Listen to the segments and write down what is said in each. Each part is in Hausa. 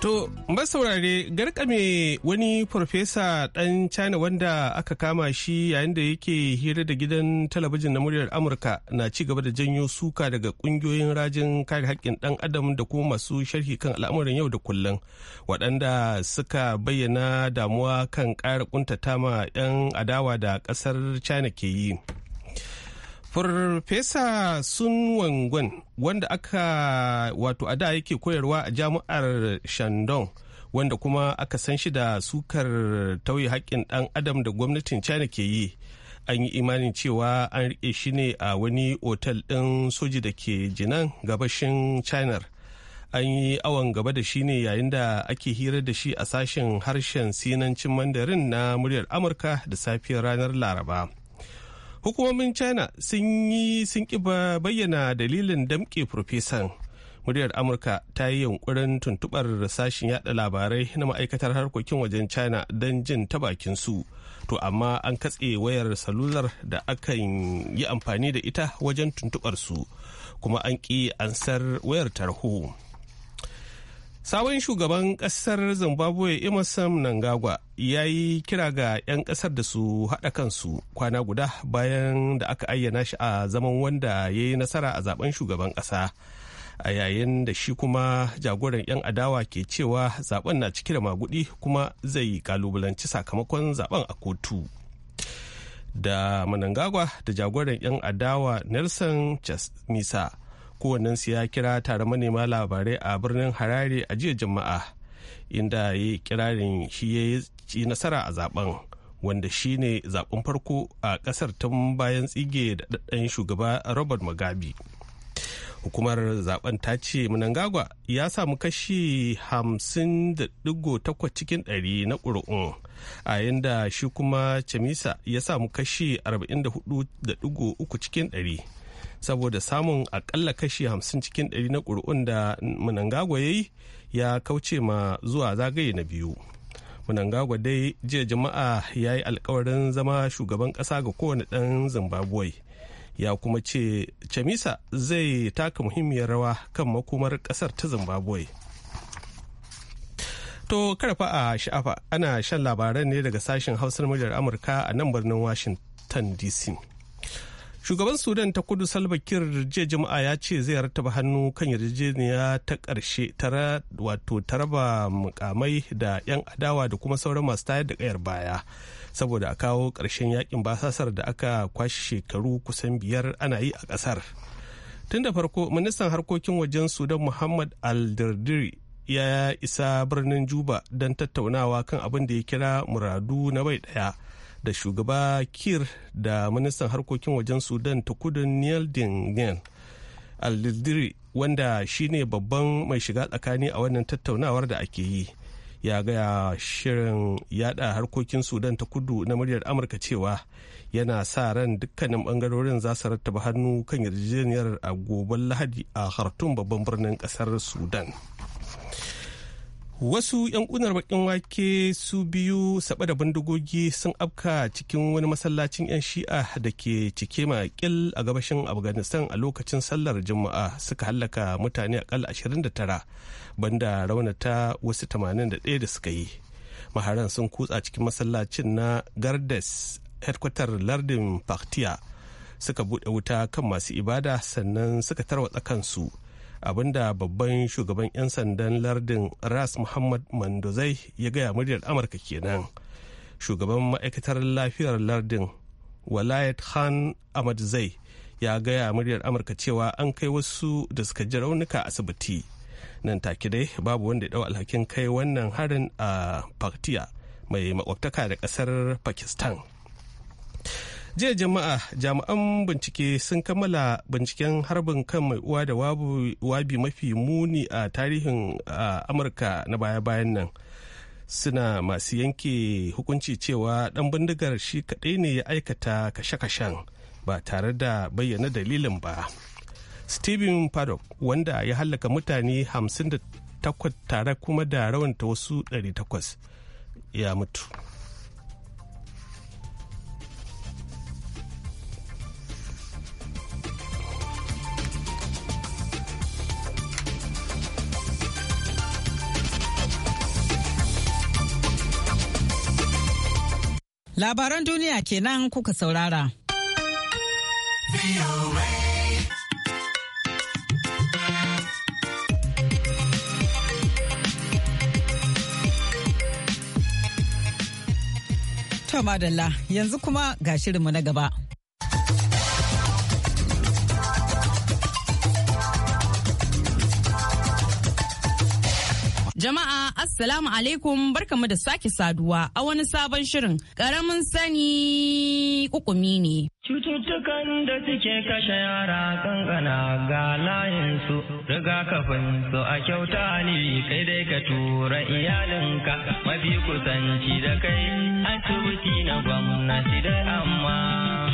To, saurare garkame wani farfesa ɗan China wanda aka kama shi yayin da yake hira da gidan talabijin na muryar Amurka na ci gaba da janyo suka daga ƙungiyoyin rajin kare haƙƙin ɗan adam da kuma masu sharhi kan al'amuran yau da kullum waɗanda suka bayyana damuwa kan ƙara ƙuntatama 'yan adawa da ƙasar China ke yi. Farfesa Sun Wangon wanda aka wato a da yake koyarwa a jami'ar Shandong wanda kuma aka san shi da sukar tauye haƙƙin ɗan adam da gwamnatin China ke yi. An yi imanin cewa an rike shi ne a wani otal ɗin soji da ke jinan gabashin China. An yi awon gaba da shi ne yayin da ake hira da shi a sashen harshen sinancin Mandarin na muryar Amurka da safiyar ranar Laraba. hukumomin china sun yi sun bayyana dalilin damke profesan muryar amurka ta yi yunkurin tuntubar sashen yada labarai na ma'aikatar harkokin wajen china don jin ta bakin su to amma an katse wayar salular da akan yi amfani da ita wajen tuntubar su kuma an ƙi ansar wayar tarho. Sabon shugaban kasar Zimbabwe Emerson Nangagwa ya yi kira ga 'yan kasar da su haɗa kansu kwana guda bayan da aka ayyana shi a zaman wanda ya yi nasara a zaben shugaban ƙasa. A yayin da shi kuma jagoran 'yan adawa ke cewa zaben na cike da magudi kuma zai kalubalanci sakamakon zaben a kotu. Da Manangagwa da jagoran 'yan adawa Nelson nisa. kowannensu ya kira tare manema labarai a birnin harare a jiya juma'a inda ya yi kirarin shi ya yi nasara a zaben wanda shi ne zaben farko a kasar tun bayan tsige da ɗaɗɗan shugaba robert mugabe hukumar zaben ta ce munangagwa ya samu kashi 50.8 cikin 100 na ƙuri'un a yadda shi kuma chamisa ya samu kashi 44.3 cikin saboda samun akalla kashi hamsin cikin ɗari na ƙuri'un da munangagwa ya yi ya kauce ma zuwa zagaye na biyu. munangagwa dai jiya jama'a ya yi alkawarin zama shugaban ƙasa ga kowane ɗan Zimbabwe. Ya kuma ce Chamisa zai taka muhimmiyar rawa kan makomar ƙasar ta Zimbabwe. To karfa a sha'afa ana shan labaran ne daga sashen hausar muryar Amurka a nan birnin Washington DC. shugaban sudan ta kudu salva kir jiya juma'a ya ce zai rataba hannu kan yarjejeniya ta karshe tara wato taraba mukamai da 'yan adawa da kuma sauran masu tayar da kayar baya saboda a kawo ƙarshen yakin basasar da aka kwashe shekaru kusan biyar ana yi a kasar tun da farko ministan harkokin wajen sudan muhammad aldirdiri ya isa birnin juba don tattaunawa kan abin da ya kira muradu na bai ɗaya da shugaba kir da ministan harkokin wajen sudan ta kudu neil dingen aldiri wanda shine babban mai shiga tsakani a wannan tattaunawar da ake yi ya gaya shirin yada harkokin sudan ta kudu na muryar amurka cewa yana sa ran dukkanin bangarorin za su rattaba hannu kan yarjejeniyar a goben lahadi a hartun babban birnin kasar sudan wasu 'yan kunar bakin wake su biyu saba da bandagogi sun afka cikin wani masallacin 'yan shi'a da ke cike makil a gabashin afghanistan a lokacin sallar juma'a suka hallaka mutane akalla 29 banda raunata wasu 81 da suka yi maharan sun kutsa cikin masallacin na gardes headquarter lardin paktiya suka bude wuta kan masu ibada sannan suka tarwatsa kansu abinda babban shugaban 'yan sandan lardin ras muhammad mandozai ya gaya muryar amurka kenan shugaban ma'aikatar lafiyar lardin walayat khan ya gaya muryar amurka cewa an kai wasu da suka ji raunuka asibiti nan take dai babu wanda ya dau alhakin kai wannan harin a paktiya mai makwabtaka da kasar pakistan jiya jama'a jami'an bincike sun kammala binciken harbin kan mai uwa da wabi mafi muni a tarihin amurka na baya-bayan nan suna masu yanke hukunci cewa dan bindigar shi kaɗai ne ya aikata kashe-kashen ba tare da bayyana dalilin ba stephen paddock wanda ya hallaka mutane 58 tare kuma da rawanta wasu 800 ya mutu Labaran duniya kenan kuka saurara. To madalla yanzu kuma ga shirinmu na gaba. Jama'a Assalamu alaikum barkamu da sake saduwa a wani sabon shirin karamin sani kukumi ne. Cututtukan da suke kashe yara kankana ga layinsu rigakafin su a kyauta ne kai dai ka tura iyalinka mafi kusanci da kai asibiti na gwamnati da amma.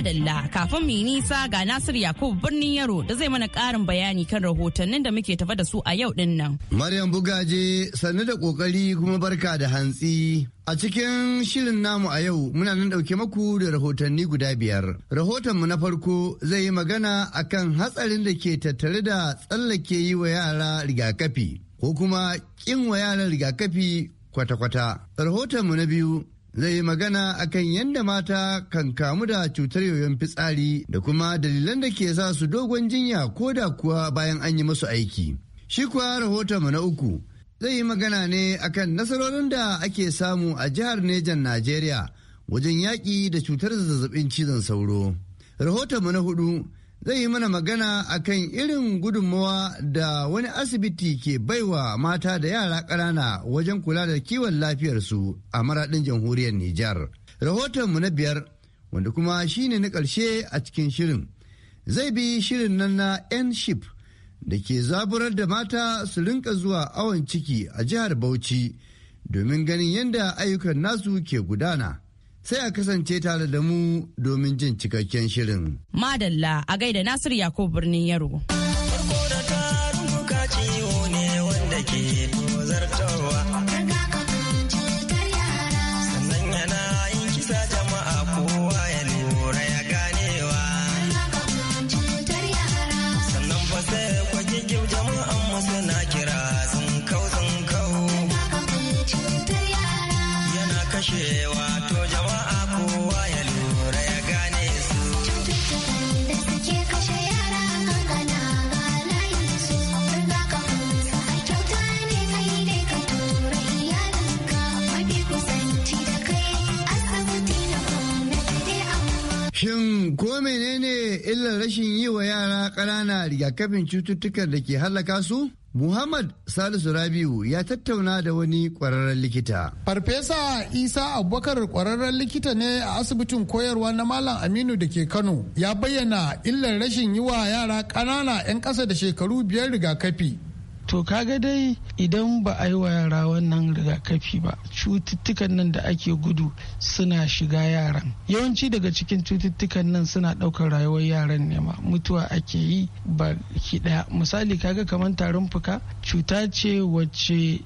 adalla kafin mu yi nisa ga Nasir Yakubu birnin Yaro da zai mana karin bayani kan rahotannin da muke tafa da su a yau din nan. Maryam Bugaje sannu da kokari kuma barka da hantsi. A cikin shirin namu a yau muna nan ɗauke maku da rahotanni guda biyar. Rahotonmu na farko zai yi magana akan hatsarin da ke tattare da tsallake yi wa yara rigakafi ko kuma ƙin wa yara rigakafi kwata-kwata. Rahotonmu na biyu zai yi magana akan yadda mata kan kamu da cutar yoyon fitsari da kuma dalilan da ke sa su dogon jinya ko da kuwa bayan an yi masu aiki. Shi kuwa rahoton na uku zai yi magana ne akan nasarorin da ake samu a jihar Nejan Najeriya wajen yaƙi da cutar zazzabin cizon sauro. Rahoton na hudu zai yi mana magana akan irin gudunmawa da wani asibiti ke baiwa mata da yara ƙanana wajen kula da kiwon lafiyarsu a maraɗin jamhuriyar Nijar. Rahotonmu na biyar, wanda kuma shi ne na ƙarshe a cikin shirin, zai bi shirin nan na N-SHIP da ke zaburar da mata su rinka zuwa awon ciki a jihar Bauchi domin ganin yadda ayyukan nasu ke gudana. sai a kasance tare da mu domin jin cikakken shirin. Madalla a gaida Nasiru Yakubu birnin Yaro. ko menene illar rashin yi wa yara ƙanana rigakafin cututtukan da ke hallaka su? Muhammad Salisu Rabiu ya tattauna da wani kwararren likita. Farfesa Isa Abubakar kwararren likita ne a asibitin koyarwa na Malam Aminu da ke Kano ya bayyana illar rashin yi wa yara ƙanana 'yan ƙasa da shekaru biyar rigakafi. to kaga dai idan ba a yi wa yara wannan rigakafi ba cututtukan nan da ake gudu suna shiga yaran yawanci daga cikin cututtukan nan suna ɗaukar rayuwar yaran ne ma mutuwa ake yi ba ki ɗaya misali kaga kamar tarin fuka cuta ce wacce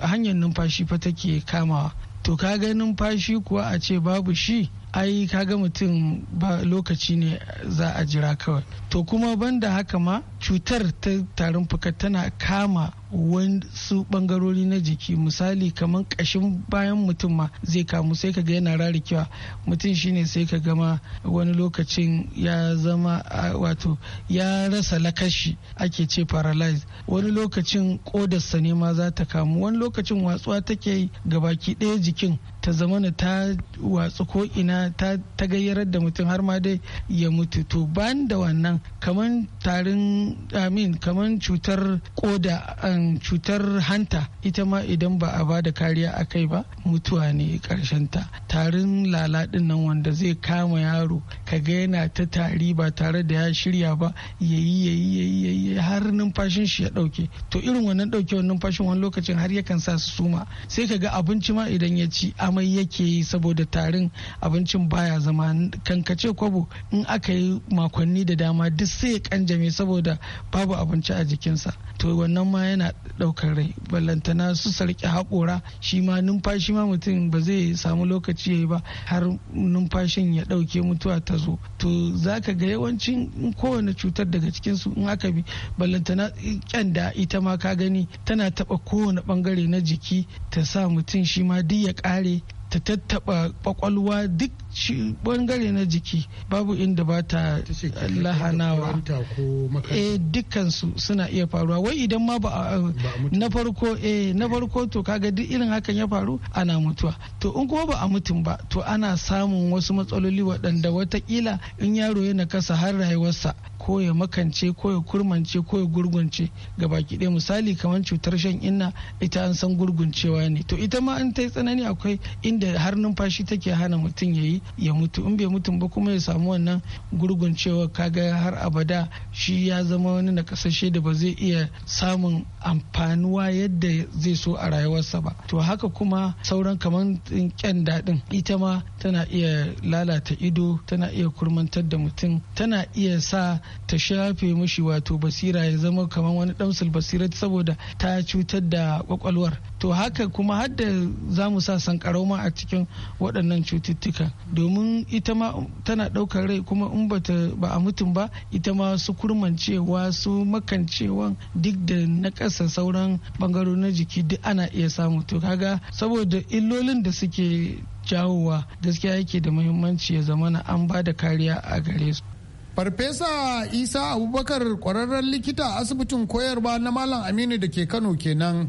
hanyar numfashi fa take kamawa to kaga numfashi kuwa a ce babu shi ai kaga mutum ba lokaci ne za a jira kawai to kuma banda haka ma cutar ta tarin fuka tana kama wasu bangarori na jiki misali kamar kashin bayan mutum ma zai kamu sai kaga yana rarikewa mutum shine sai ka gama wani lokacin ya zama wato ya rasa lakashi ake ce paralyzed wani lokacin kodarsa ne ma za ta kamu wani lokacin watsuwa take gabaki ɗaya jikin ta zama na ta watsa ko ina ta gayyarar da mutum har ma dai ya mutu to ban da wannan kaman tarin amin kaman cutar koda um, cutar hanta ita ma idan ba a ba da kariya a kai ba mutuwa ne ta tarin laladin nan wanda zai kama yaro kaga yana ta tari ba tare da ya shirya ba yayi yayi yayi har numfashin shi ya dauke to irin wannan dauke wannan numfashin wani lokacin har yakan sa su suma sai ka ga abinci ma idan ya ci amai yake yi saboda tarin abincin baya zama kankace kwabo in aka yi makonni da dama duk sai ya kanjame saboda babu abinci a jikinsa to wannan ma yana daukar rai ballantana su sarki haƙora shi ma numfashi ma mutum ba zai samu lokaci ya yi ba har numfashin ya ɗauke mutuwa ta zo to za ka ga yawancin kowane cutar daga cikinsu in aka bi ballantana kyanda ita ma ka gani tana taɓa kowane ɓangare na jiki ta sa mutum shi ma duk ya ƙare ta tattaba kwakwalwa duk shi bangare na jiki babu inda ba ta lahanawa eh dukkansu suna iya faruwa wai idan ma ba na farko eh na farko to kaga duk irin hakan ya faru ana mutuwa to in kuma ba a mutum ba to ana samun wasu matsaloli waɗanda watakila in yaro yana kasa har rayuwarsa ko ya makance ko ya kurmance ko ya gurgunce ga baki ɗaya misali kamar cutar shan inna ita an san gurguncewa ne to ita ma in ta yi tsanani akwai inda har numfashi take hana mutum ya yi ya mutu in bai mutum ba kuma ya samu wannan gurgun cewa kaga har abada shi ya zama wani nakasashe da ba zai iya samun amfanuwa yadda zai so a rayuwarsa ba to haka kuma sauran kamar kyan daɗin ita ma tana iya lalata ido tana iya kurmantar da mutum tana iya sa ta shafe mushi wato basira ya zama kamar wani damsul basira saboda ta cutar da kwakwalwar to haka kuma har da za mu sa sankarau ma a cikin waɗannan cututtuka domin ita ma tana ɗaukar rai kuma in bata ba a mutum ba ita ma su kurmancewa su makancewan duk da na ƙasa sauran ɓangarori na jiki duk ana iya samu to kaga saboda illolin da suke jawowa gaskiya yake da muhimmanci ya zama zamana an ba da kariya a gare su Farfesa Isa Abubakar kwararren likita asibitin koyarwa na Malam Aminu da ke Kano kenan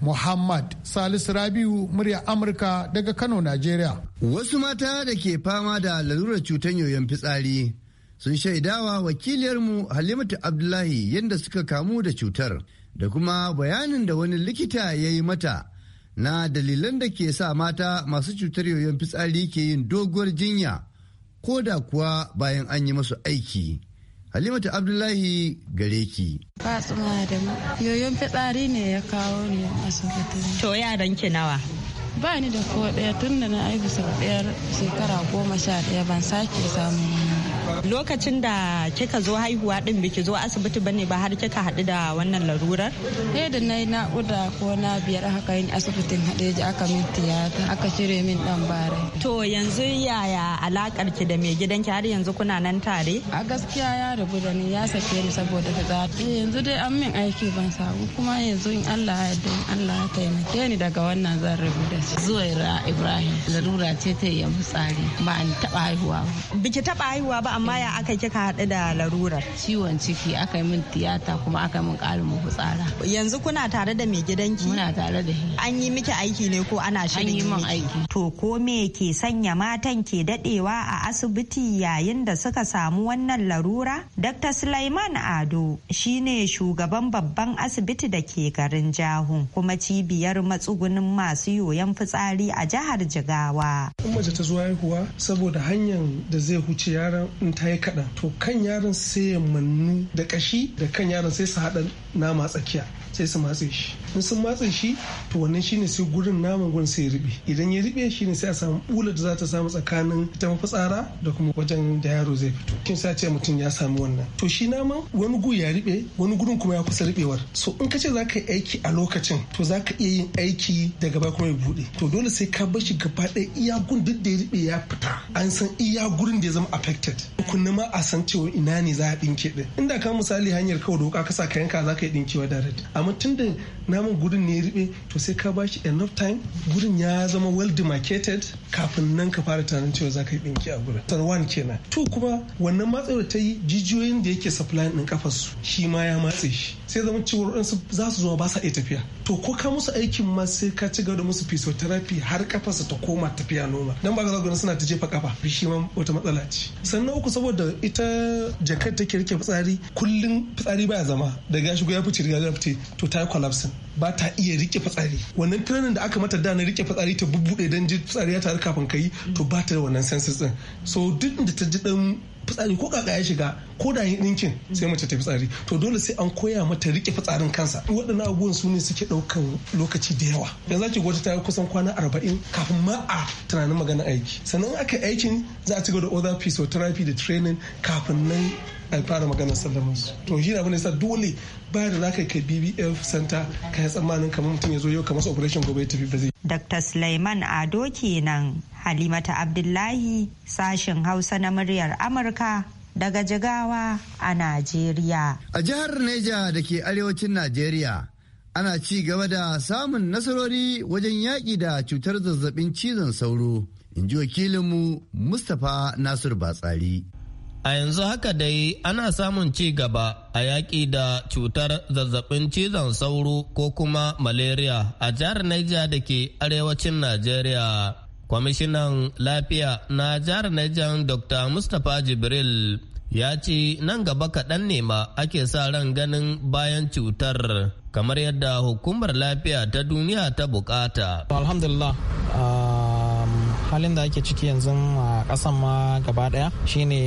Muhammad Salisu Rabiu murya Amurka daga Kano, Najeriya. Wasu mata da ke fama da lalurar cutar yoyon fitsari sun shaidawa wakiliyarmu Halimatu Abdullahi yadda suka kamu da cutar da kuma bayanin da wani likita ya yi mata na dalilan da ke sa mata masu cutar yoyon fitsari ke yin doguwar jinya ko da kuwa bayan an yi masu aiki. Halimatu Abdullahi gare ki. Fatsuma da mu. Yoyon fitsari ne ya kawo ni asibiti. To yaran ki nawa? Ba ni da ko ɗaya tun da na aibu sau ɗayar shekara goma sha ɗaya ban sake samun lokacin da kika zo haihuwa din biki zo asibiti bane ba har kika haɗu da wannan larurar eh da nayi uda ko na biyar haka yin asibitin ji aka min tiyata aka cire min dan bare to yanzu yaya alakar ki da mai gidanki har yanzu kuna nan tare a gaskiya ya rubu da ni ya sake ni saboda fitsari eh, yanzu dai an min aiki ban samu kuma yanzu in Allah ya yarda in Allah ya taimake ni daga wannan zan rubu da shi zuwaira Ibrahim larura ce ta yi fitsari ba an taba haihuwa ba biki taba haihuwa ba amma ya aka kika haɗu da larurar ciwon ciki aka yi min tiyata kuma aka yi min ƙarin mafitsara yanzu kuna tare da mai gidanki muna tare da an yi miki aiki ne ko ana shirin yi min aiki to ko me ke sanya matan ke dadewa a asibiti yayin da suka samu wannan larura dr sulaiman ado shine shugaban babban asibiti da ke garin jahun kuma cibiyar matsugunin masu yoyon fitsari a jihar jigawa in mace ta zo haihuwa saboda hanyar da zai huce yaran in ta yi kaɗan to kan yaron sai ya mannu da ƙashi da kan yaron sai su haɗa nama tsakiya sai su matse shi in sun matse shi to wannan shine sai gurin naman gurin sai ya idan ya riɓe shine sai a samu bula da za ta samu tsakanin ita mafitsara da kuma wajen da yaro zai fito kin sa ce mutum ya samu wannan to shi naman wani gu ya riɓe wani gurin kuma ya kusa ribewar so in ka ce za ka yi aiki a lokacin to za ka iya yin aiki da gaba kuma ya bude to dole sai ka bar shi gaba ɗaya iya gun duk da ya ribe ya fita an san iya gurin da ya zama affected kunna ma a san cewa ina ne za a ɗinke ɗin inda ka misali hanyar kawai da ka sa ka yanka za ka yi ɗinkewa da amma amma tun da naman gudun ne ya riɓe to sai ka bashi enough time gudun ya zama well demarcated kafin nan ka fara tunanin cewa za ka yi dinki a gurin san one kenan to kuma wannan matsayar ta yi jijiyoyin da yake supply din kafar su shi ma ya matse shi sai zama cewa waɗansu za su zo ba sa iya tafiya to ko ka musu aikin ma sai ka ci gaba da musu physiotherapy har kafarsa ta koma tafiya noma dan ba ga suna ta jefa kafa shi ma wata matsala ce sannan uku saboda ita jakar take rike fitsari kullum fitsari baya zama daga shigo ya fice daga ya fice to ta yi collapsing ba ta iya rike fitsari wannan training da aka mata da na rike fitsari ta bubbude dan ji fitsari ya taru kafin yi. to ba ta da wannan senses din so duk da ta ji dan fitsari ko kaka ya shiga ko da yin ɗinkin sai mace ta fitsari to dole sai an koya mata rike fitsarin kansa waɗannan abubuwan su ne suke ɗaukan lokaci da yawa yanzu ake gwaji ta kusan kwana arba'in kafin ma a tunanin magana aiki sannan aka aikin za a ci gaba da other physiotherapy da training kafin nan a fara maganar sallama su to shi abin sa dole ba da zaka kai bbf center ka yi tsammanin kamar mutum ya zo yau kamar operation gobe ya tafi ba zai dr Sulaiman ado kenan halimata abdullahi sashen hausa na muryar amurka daga Jigawa a Najeriya. A jihar Neja da ke arewacin Najeriya ana ci gaba da samun nasarori wajen yaƙi da cutar zazzabin cizon sauro, in ji wakilinmu Mustapha Nasir Batsari. A yanzu haka dai ana samun ci gaba a yaƙi da cutar zazzabin cizon sauro ko kuma malaria a jihar Niger da ke arewacin Najeriya. kwamishinan lafiya na jihar Niger dr mustapha jibril ya ce nan gaba kaɗan ne ma ake sa ran ganin bayan cutar kamar yadda hukumar lafiya ta duniya ta bukata. alhamdulillah um, halin da ake ciki yanzu a ƙasan ma gaba ɗaya shine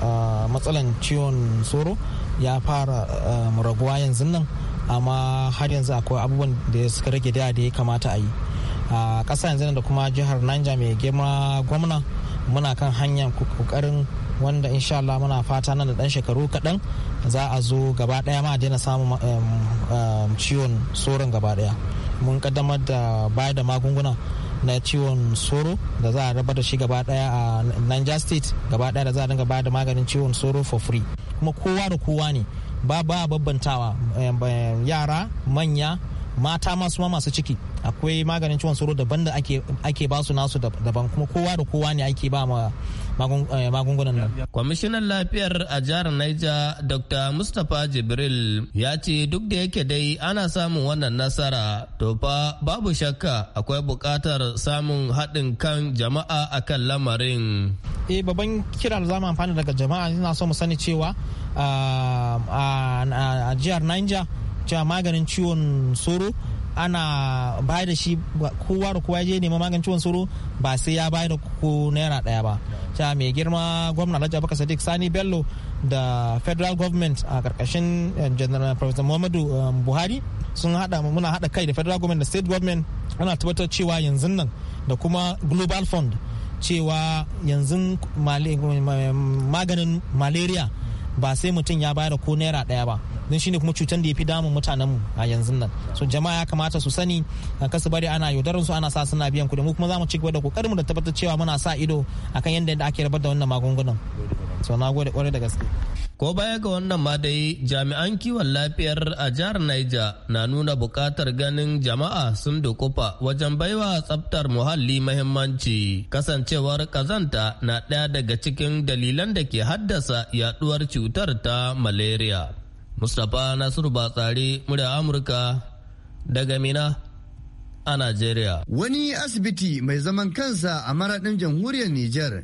uh, matsalan ciwon tsoro ya fara um, raguwa yanzu nan amma har yanzu akwai abubuwan da suka rage da ya kamata a yi a ƙasa yanzu da kuma jihar niger mai girma gwamna muna kan hanyar kokarin wanda insha Allah muna fata nan da dan shekaru kaɗan za a zo gaba ɗaya ma daina samun um, um, ciwon tsoron gaba ɗaya mun kaddamar da bayar da magunguna na ciwon soro da za a raba da shi gaba daya a Niger State gaba daya da za a dinga bayar da maganin ciwon soro for free kuma kowa da kowa ne ba ba babbantawa um, yara manya mata masu ma masu ciki akwai maganin ciwon sauro daban da ake ba su nasu daban kuma kowa da kowa ne ake ba ma eh, magungunan nan. Kwamishinan lafiyar a jihar Niger Dr. Mustapha Jibril ya ce duk da yake dai ana samun wannan nasara to fa babu shakka akwai buƙatar samun haɗin kan jama'a akan lamarin. Eh babban kiran za mu amfani daga jama'a ina so mu sani cewa ah, ah, a jihar Niger cewa maganin ciwon soro ana ba da shi kowa da kowa je nema maganin ciwon soro ba sai ya bayar da ko naira daya ba cewa mai girma gwamna alhaji abubakar sadiq sani bello da federal government a karkashin eh, general professor muhammadu um, buhari sun hada muna hada kai da federal government da state government ana tabbatar cewa yanzu nan da kuma global fund cewa yanzu maganin malaria ba sai mutum ya bayar ko naira daya ba don shine kuma cutar da ya fi damun mutanen mu a yanzu nan so jama'a ya kamata su sani kan su bari ana yaudarar su ana sa suna biyan kuɗi mu kuma za mu ci gaba da kokarin mu da tabbatar cewa muna sa ido akan yadda ake rabar da wannan magungunan. so na gode kwarai da gaske ko baya ga wannan ma dai jami'an kiwon lafiyar a jihar Niger na nuna bukatar ganin jama'a sun dukufa wajen baiwa tsaftar muhalli mahimmanci kasancewar kazanta na ɗaya daga cikin dalilan da ke haddasa yaduwar cutar ta malaria mustapha nasiru batsari murya amurka daga mina a nigeria. Wani asibiti mai zaman kansa a maraɗin jamhuriyar Nijar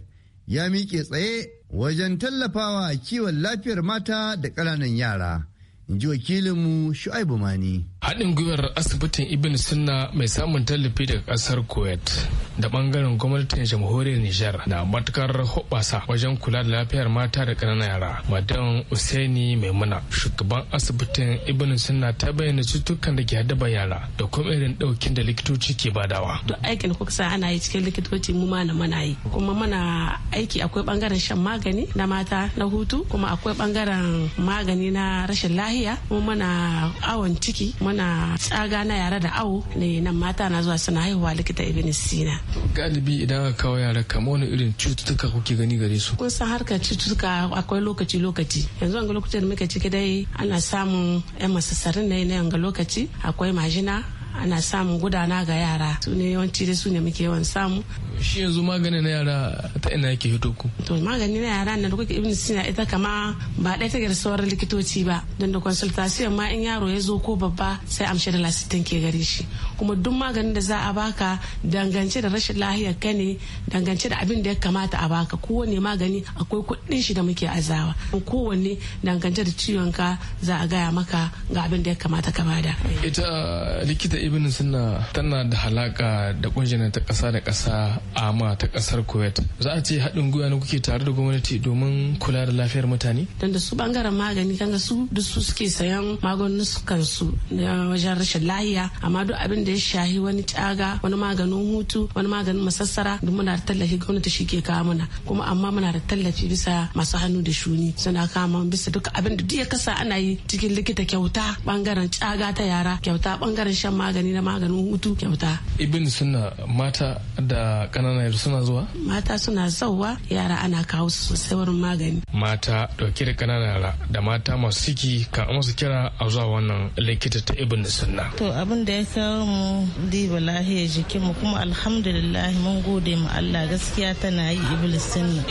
ya miƙe tsaye wajen tallafawa kiwon lafiyar mata da ƙananan yara in ji wakilinmu shu'aibu mani haɗin gwiwar asibitin ibn sunna mai samun tallafi daga ƙasar kuwait da ɓangaren gwamnatin jamhuriyar nijar na matukar hoɓasa wajen kula da lafiyar mata da ƙananan yara madan usaini maimuna shugaban asibitin ibn sunna ta bayyana cututtukan da ke haddaba yara da kuma irin ɗaukin da likitoci ke badawa duk aikin da kuka sa ana yi cikin likitoci mu ma na mana yi kuma muna aiki akwai ɓangaren shan magani na mata na hutu kuma akwai ɓangaren magani na rashin lahiya kuma muna awon ciki muna tsaga na yara da awo ne nan mata na zuwa suna haihuwa likita ibn sina galibi idan aka kawo yara kamar wani irin cututtuka kuke gani gare su kun san harkar cututtuka akwai lokaci lokaci yanzu an ga lokacin da muke ciki dai ana samun yan masasarin ne na yanga lokaci akwai majina ana samun gudana ga yara su ne yawanci da su ne muke yawan samu shi yanzu maganin na yara ta ina yake hito ku to magani na yara na da kuke ibn sina ita kama ba ɗaya ta da sauran likitoci ba don da consultation ma in yaro ya zo ko babba sai amshi da lasitin ke gare shi kuma duk maganin da za a baka dangance da rashin lahiyar ka ne dangance da abin da ya kamata a baka kowane magani akwai kuɗin shi da muke azawa kowanne dangance da ciwon ka za a gaya maka ga abin da ya kamata ka bada ita likita ibn suna tana da halaka da kungiyar ta kasa da kasa ama ta kasar kuwait za a ce haɗin gwiwa ne kuke tare da gwamnati domin kula da lafiyar mutane dan da su bangaren magani kanga su duk su suke sayan maganin su kansu na wajen rashin lahiya amma duk abin da ya shahi wani taga wani maganin hutu wani maganin masassara duk muna da tallafi gwamnati shi ke kawo muna kuma amma muna da tallafi bisa masu hannu da shuni suna kama bisa duk abin da duk ya kasa ana yi cikin likita kyauta bangaren caga ta yara kyauta bangaren shan magani magani na maganin hutu kyauta Ibin suna mata da ƙananan yanzu suna zuwa mata suna zauwa yara ana kawo su sosai wurin magani mata dauke da ƙananan yara da mata masu ciki ka musu kira a zuwa wannan likita ta Ibin suna to abin da ya kawo mu diba lahiyar mu kuma alhamdulillah mun gode ma Allah gaskiya tana yi Ibin suna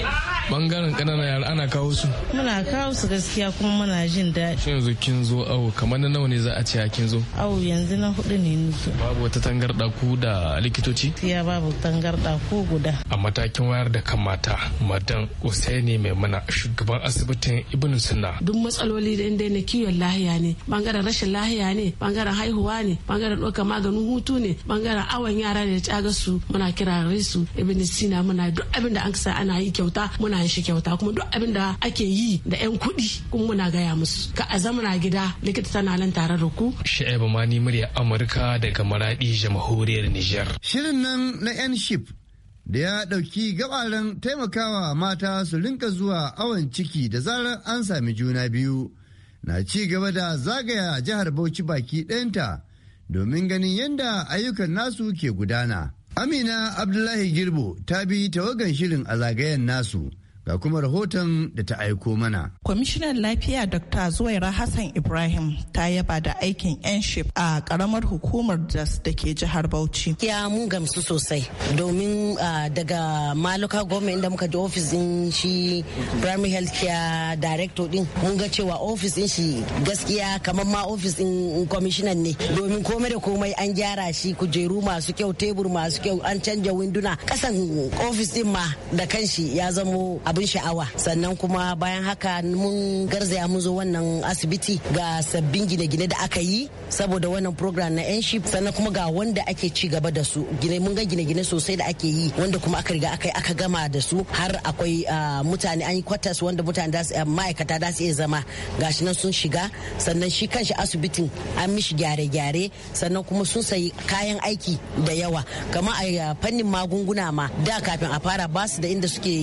bangaren ƙananan yara ana kawo su muna kawo su gaskiya kuma muna jin daɗi yanzu kin zo awo kamar na nawa ne za a ce kin zo awo yanzu na hudu ne yanzu babu wata tangarɗa ku da likitoci ya babu tangarɗa ku guda a matakin wayar da kamata mata madan usaini mai mana shugaban asibitin ibn Sina. duk matsaloli da inda na kiwon lahiya ne bangaren rashin lahiya ne bangaren haihuwa ne bangaren ɗaukar maganin hutu ne bangaren awon yara da ya su muna kira su ibn sina muna duk abin da an kasa ana yi kyauta muna yin shi kyauta kuma duk abin da ake yi da yan kuɗi kuma muna gaya musu ka a zamana gida likita tana nan tare da ku shi'aibu mani murya amurka Amurka daga Maradi jamhuriyar Nijar. Shirin nan na 'yan ship da ya ɗauki gabaran taimakawa mata su rinka zuwa awon ciki da zarar an sami juna biyu na ci gaba da zagaya jihar Bauchi baki ɗayanta domin ganin yadda ayyukan nasu ke gudana. Amina Abdullahi Girbo ta bi tawagan shirin a zagayen nasu. ga kuma rahoton da ta aiko mana. Kwamishinan lafiya Dr. Zuwaira Hassan Ibrahim ta yaba da aikin 'yan shif a karamar hukumar das da ke jihar Bauchi. Ya mun gamsu sosai domin daga maluka gwamnati da muka ji ofis din shi primary health care director din mun ga cewa ofis shi gaskiya kamar ma ofis din kwamishinan ne domin komai da komai an gyara shi kujeru masu kyau tebur masu kyau an canja winduna kasan ofis din ma da kanshi ya zamo abin sha'awa sannan kuma bayan haka mun garzaya mun zo wannan asibiti ga sabbin gine-gine da aka yi saboda wannan program na yanship sannan kuma ga wanda ake ci gaba da su gine mun ga gine-gine sosai da ake yi wanda kuma aka riga aka aka gama da su har akwai ah, mutane an yi kwatas wanda mutane ah, ma'aikata da su iya zama gashi nan sun shiga sannan shi kanshi asibitin an mishi gyare-gyare sannan kuma sun sayi kayan aiki da yawa kamar a ah, fannin magunguna ma da kafin a fara ba su da inda suke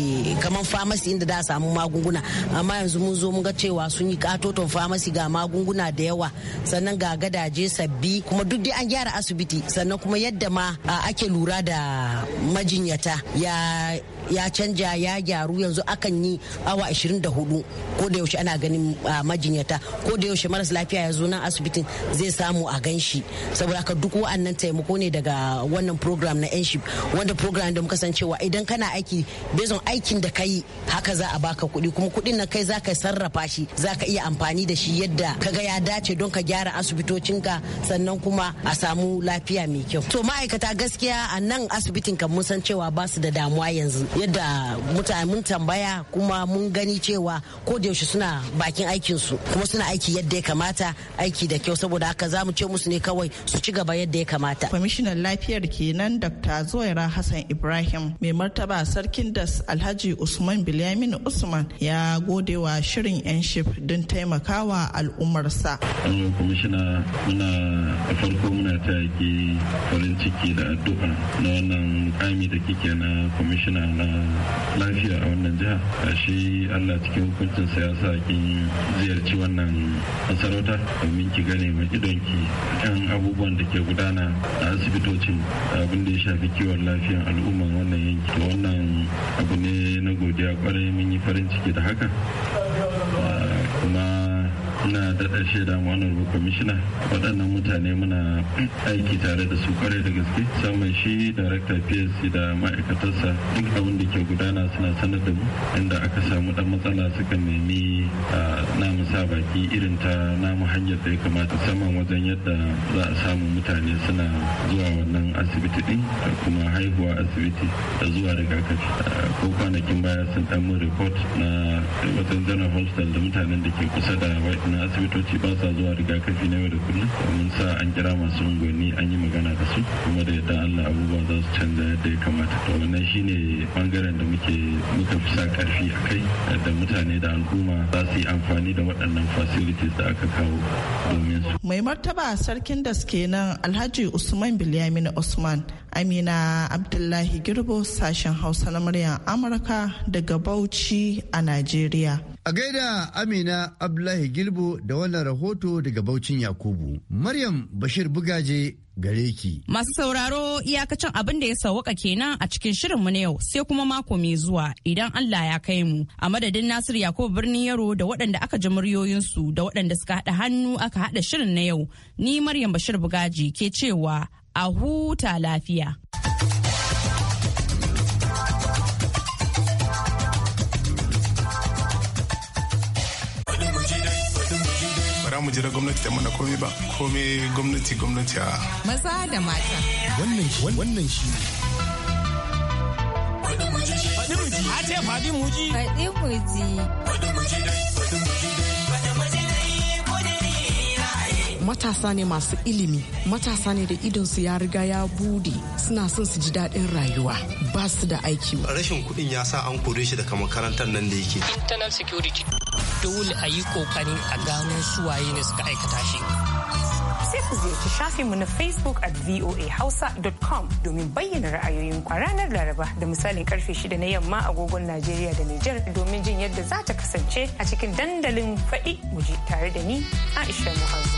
kamar famasi inda da samu magunguna amma yanzu mun zo mun ga cewa sun yi katoton famasi ga magunguna da yawa sannan ga gadaje sabbi kuma duk dai an gyara asibiti sannan kuma yadda ma ake lura da majinyata ya ya canja ya gyaru yanzu akan yi awa 24 ko da yaushe ana ganin majinyata ko da yaushe maras lafiya ya zo nan asibitin zai samu a gan shi saboda ka duk wa'annan taimako ne daga wannan program na enship wanda program da muka san cewa idan kana aiki bezon aikin da kai haka za a baka kuɗi kuma kuɗin na kai zaka sarrafa shi za ka iya amfani da shi yadda ka ga ya dace don ka gyara asibitocin ka sannan kuma a samu lafiya mai kyau to ma'aikata gaskiya a nan asibitin kan mun san cewa ba su da damuwa yanzu yadda mutane mun tambaya kuma mun gani cewa ko da yaushe suna bakin aikin su kuma suna aiki yadda ya kamata aiki da kyau saboda haka za mu ce musu ne kawai su ci gaba yadda ya kamata. Kwamishinan lafiyar kenan Dr. zoira Hassan Ibrahim mai martaba sarkin das Alhaji Usman Bilyamin Usman ya gode wa shirin 'yan shif don taimakawa al'ummarsa. Hello kwamishina muna farko muna ta farin ciki da addu'a na wannan mukami da kike na kwamishina na lafiya a wannan jiha shi Allah cikin hukuncin siyasa ya sa ziyarci wannan masarauta domin ki gane ma idonki kan abubuwan da ke gudana a asibitocin abin da ya shafi kiwon lafiyan al'umman wannan yanki wannan abu ne na godiya kwarai mun yi farin ciki da haka muna daɗa shaida ma honorable kwamishina waɗannan mutane muna aiki tare da su kwarai da gaske saman shi director psc da ma'aikatarsa duk abin da ke gudana suna sanar da mu inda aka samu ɗan matsala suka nemi namu sa baki irin ta namu hanyar da ya kamata musamman wajen yadda za a samu mutane suna zuwa wannan asibiti ɗin da kuma haihuwa asibiti da zuwa rigakafi ko kwanakin baya sun ɗan report na wajen zana hostel da mutanen da ke kusa da na asibitoci ba sa zuwa rigakafi na yau da kullum mun sa an kira masu unguwanni an yi magana da su kuma da yadda allah abubuwa za su canza yadda ya kamata to wannan shine bangaren da muke muka fi sa karfi a kai da mutane da al'umma za su yi amfani da waɗannan facilities da aka kawo domin su mai martaba sarkin da suke nan alhaji usman bilyamin usman amina abdullahi girbo sashen hausa na muryar amurka daga bauchi a najeriya A gaida Amina Abdullahi Gilbo da wannan rahoto daga Baucin Yakubu. Maryam Bashir Bugaje gare ki. Masu sauraro iyakacin abin da ya sauwaka kenan a cikin shirin mu na yau sai kuma mako mai zuwa idan Allah ya kai mu. A madadin Nasir Yakubu birnin Yaro da waɗanda aka ji muryoyinsu da waɗanda suka haɗa hannu aka haɗa shirin na yau. Ni Maryam Bashir Bugaje ke cewa a huta lafiya. za mu jira gwamnati ta mana komai ba komai gwamnati gwamnati a maza da mata wannan shi wannan shi Faɗi muji. A ce Fadi muji. Fadi muji. Fadi muji. matasa ne masu ilimi matasa ne da idon su ya riga ya bude suna son su ji daɗin rayuwa ba su da aiki ba rashin kuɗin ya sa an kore shi daga makarantar nan da yake internal security dole a yi kokarin a gano su waye ne suka aikata shi sai ku ziyarci shafinmu na facebook at voahausa.com domin bayyana ra'ayoyin a ranar laraba da misalin karfe 6 na yamma agogon najeriya da nijar domin jin yadda za ta kasance a cikin dandalin faɗi muji tare da ni aisha muhammad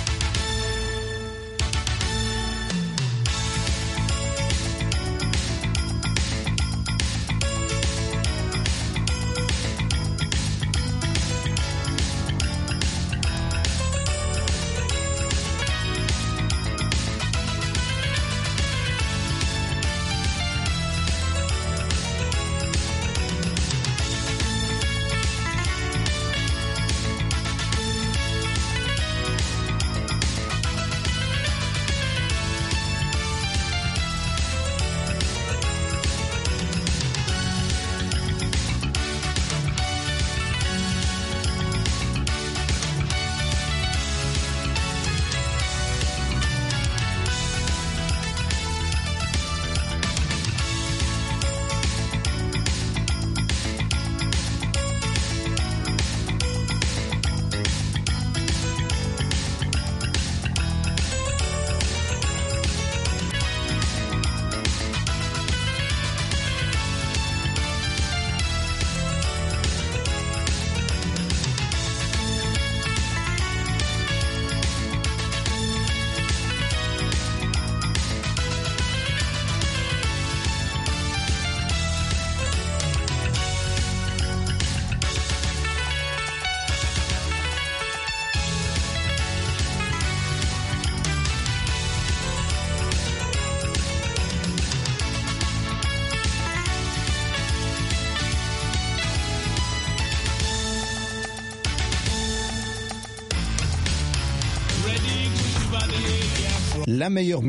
la meilleure